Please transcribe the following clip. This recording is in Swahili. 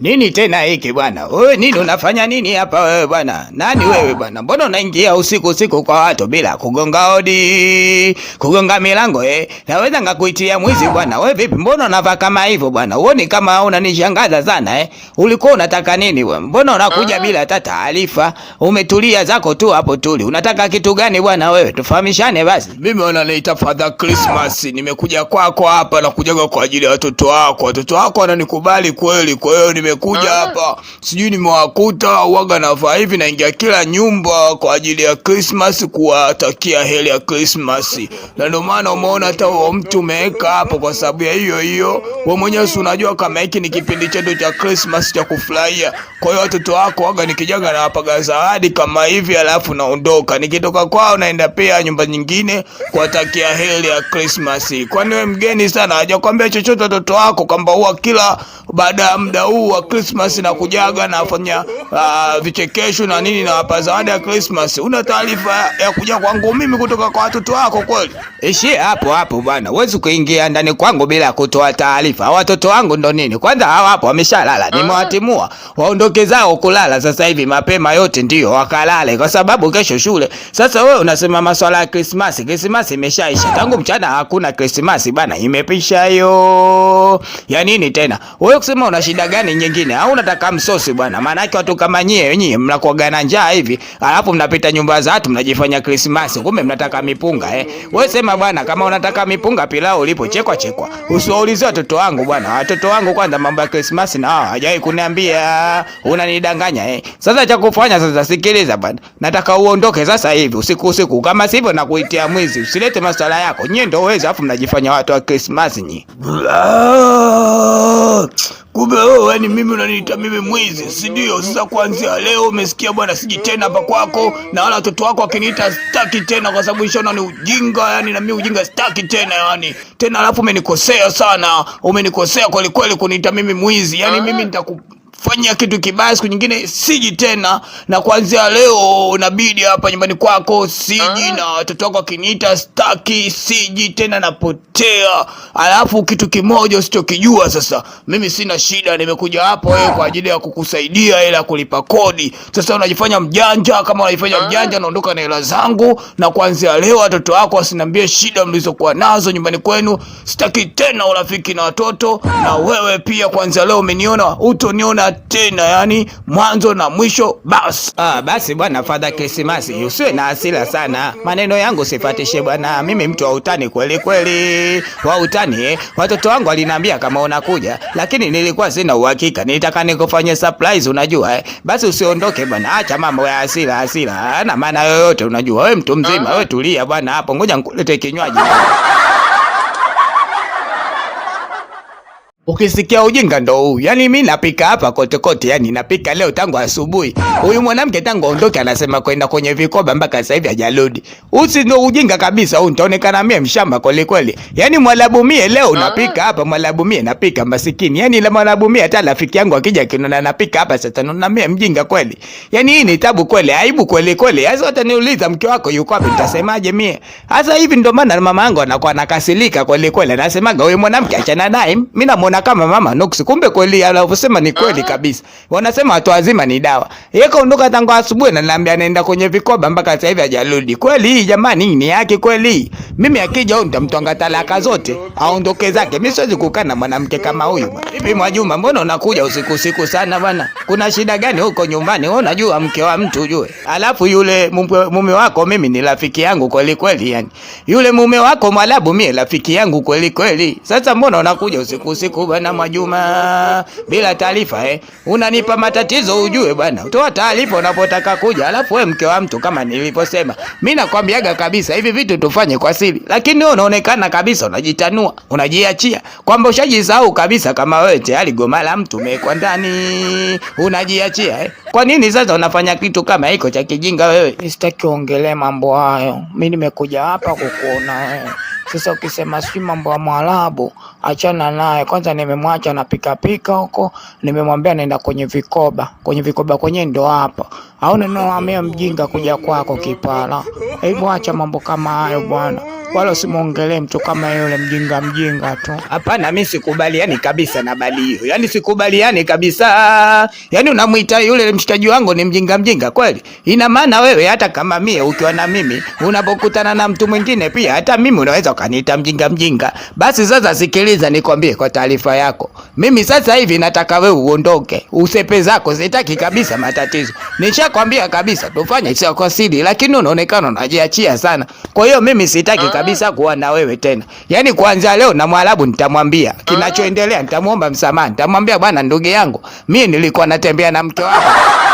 Nini tena hiki bwana? Wewe nini unafanya nini hapa wewe bwana? Nani wewe bwana? Mbona unaingia usiku usiku kwa watu bila kugonga hodi? Kugonga milango eh? Naweza ngakuitia mwizi bwana. Wewe vipi? Mbona unavaa kama hivyo bwana? Uone kama unanishangaza sana eh? Ulikuwa unataka nini wewe? Mbona unakuja ah. bila hata taarifa? Umetulia zako tu hapo tuli. Unataka kitu gani bwana wewe? Tufahamishane basi. Mimi wananiita Father Christmas. Nimekuja kwako hapa na kujaga kwa ajili ya watoto wako. Watoto wako wananikubali kweli. Kwa hiyo nimekuja ah. hapa, sijui nimewakuta uwaga navaa hivi, naingia kila nyumba kwa ajili ya Christmas kuwatakia heri ya Christmas, na ndio maana umeona hata mtu umeweka hapo kwa sababu ya hiyo hiyo. Wewe mwenyewe si unajua kama hiki ni kipindi chetu cha Christmas cha kufurahia. Kwa hiyo watoto wako waga nikijaga na wapaga zawadi kama hivi, alafu naondoka. Nikitoka kwao naenda pia nyumba nyingine kuwatakia heri ya Christmas. Kwani wewe mgeni sana, hajakwambia chochote watoto wako kwamba huwa kila baada ya muda huu kwa Christmas na kujaga na afanya uh, ah, vichekesho na nini na wapa zawadi ya Christmas. Una taarifa ya kuja kwangu mimi kutoka kwa watoto wako kweli? Ishi hapo hapo bwana. uwezi kuingia ndani kwangu bila kutoa taarifa. Watoto wangu ndo nini? Kwanza hawa hapo wameshalala. Nimewatimua. Ah. Waondoke zao kulala sasa hivi mapema yote ndio wakalale kwa sababu kesho shule. Sasa wewe unasema masuala ya Christmas. Christmas imeshaisha. Tangu mchana hakuna Christmas bwana, Imepisha hiyo. Ya nini tena? Wewe kusema una shida gani? nye nyingine, au unataka msosi bwana. Maana yake watu kama nyie nyie mnakuaga na njaa hivi, alafu mnapita nyumba za watu mnajifanya Christmas, kumbe mnataka mipunga eh. Wewe sema bwana, kama unataka mipunga pilau ulipo chekwa chekwa. usiwaulize watoto wangu bwana. Watoto wangu kwanza mambo ya Christmas na hajawahi kuniambia. Unanidanganya eh. Sasa cha kufanya sasa, sikiliza bwana. Nataka uondoke sasa hivi usiku usiku. Kama sivyo nakuitia mwizi. Usilete masuala yako. Nyie ndio wezi, alafu mnajifanya watu wa Christmas nyie. Kumbe wewe yani mimi unaniita mimi mwizi, si ndio? Sasa kuanzia leo umesikia bwana, siji tena hapa kwako, na wala watoto wako wakiniita staki tena, kwa sababu ishaona ni ujinga yani, na mimi ujinga staki tena yani tena. Alafu umenikosea sana, umenikosea kwelikweli kuniita mimi mwizi yani, ah. mimi nitaku fanya kitu kibaya, siku nyingine siji tena, na kuanzia leo unabidi hapa nyumbani kwako siji ah. na watoto wako wakiniita staki, siji tena, napotea. Alafu kitu kimoja usichokijua sasa, mimi sina shida, nimekuja hapo wewe kwa ajili ya kukusaidia hela kulipa kodi. Sasa unajifanya mjanja, kama unajifanya ah. mjanja, naondoka na hela zangu, na kuanzia leo watoto wako wasinambie shida mlizokuwa nazo nyumbani kwenu. Sitaki tena urafiki na watoto, na wewe pia kuanzia leo umeniona, utoniona tena, yani mwanzo na mwisho bas. Ah, basi bwana Father Christmas, usiwe na hasira sana, maneno yangu sifatishe bwana. Mimi mtu wa utani kweli kweli, wa utani eh. Watoto wangu waliniambia kama unakuja, lakini nilikuwa sina uhakika, nilitaka nikufanye surprise, unajua eh. Basi usiondoke bwana, acha mambo ya hasira hasira, hana maana yoyote, unajua wewe mtu mzima, wewe tulia bwana hapo, ngoja nikulete kinywaji. Ukisikia ujinga ndo huu. Yaani mimi napika hapa kote kote, yani napika leo tangu asubuhi. Huyu mwanamke tangu aondoke anasema kwenda kwenye vikoba mpaka sasa hivi hajarudi. Usi ndo ujinga kabisa huu, nitaonekana mimi mshamba kweli kweli. Yaani mwalabu mie leo napika hapa, mwalabu mie napika masikini. Yaani ile mwalabu mie hata rafiki yangu akija kinona napika hapa sasa tano na mimi mjinga kweli. Yaani hii ni tabu kweli, aibu kweli kweli. Sasa wataniuliza mke wako yuko wapi, nitasemaje mie? Sasa hivi ndo maana mama yangu anakuwa anakasirika kweli kweli. Anasemaga huyu mwanamke achana naye. Mimi namuona na kama Mama Nox. Kumbe kweli anavyosema ni kweli ah. kabisa. Wanasema watu wazima ni dawa. Yeye kaondoka tangu asubuhi na niambia anaenda kwenye vikoba mpaka sasa hivi hajarudi. Kweli hii jamani ni yake kweli. Mimi akija huyu nitamtwanga talaka zote aondoke zake. Mimi siwezi kukaa na mwanamke kama huyu. Hivi Mwajuma, mbona unakuja usiku usiku sana bwana? Kuna shida gani huko nyumbani? Wewe unajua mke wa mtu ujue. Alafu yule mume wako mimi ni rafiki yangu kweli kweli yani. Yule mume wako Mwalabu mimi rafiki yangu kweli kweli. Sasa mbona unakuja usiku usiku bwana Mwajuma, bila taarifa eh. Unanipa matatizo ujue bwana. utoa taarifa unapotaka kuja. Alafu wewe mke wa mtu kama niliposema. Mimi nakwambiaga kabisa hivi vitu tufanye kwa siri. Lakini wewe unaonekana kabisa unajitanua, unajiachia. Kwamba ushajisahau kabisa kama wewe tayari goma la mtu umekwa ndani. Unajiachia eh. Kwa nini sasa unafanya kitu kama hicho cha kijinga wewe? Sitaki ongelee mambo hayo. Mimi nimekuja hapa kukuona wewe. Sasa ukisema si mambo ya Mwarabu achana naye kwanza. Nimemwacha na pikapika huko, nimemwambia naenda kwenye vikoba, kwenye vikoba kwenye ndo hapa au ninaamia mjinga kuja kwako kipala. Hebu acha mambo kama hayo bwana, wala usimwongelee mtu kama yule mjinga mjinga tu. Hapana, mimi sikubaliani kabisa na bali hiyo, yani sikubaliani kabisa. Yani unamwita yule mshikaji wangu ni mjinga mjinga kweli? Ina maana wewe hata kama mie ukiwa na mimi unapokutana na mtu mwingine pia hata mimi unaweza ukaniita mjinga mjinga. Basi sasa sikili Sikiliza nikwambie kwa taarifa yako, mimi sasa hivi nataka wewe uondoke, usepe zako, sitaki kabisa matatizo. Nishakwambia kabisa tufanye sio kwa siri, lakini unaonekana unajiachia sana. Kwa hiyo mimi sitaki ah. kabisa kuwa na wewe tena, yaani kuanzia leo na Mwarabu nitamwambia ah. kinachoendelea, nitamwomba msamaha, nitamwambia bwana, ndugu yangu, mimi nilikuwa natembea na mke wako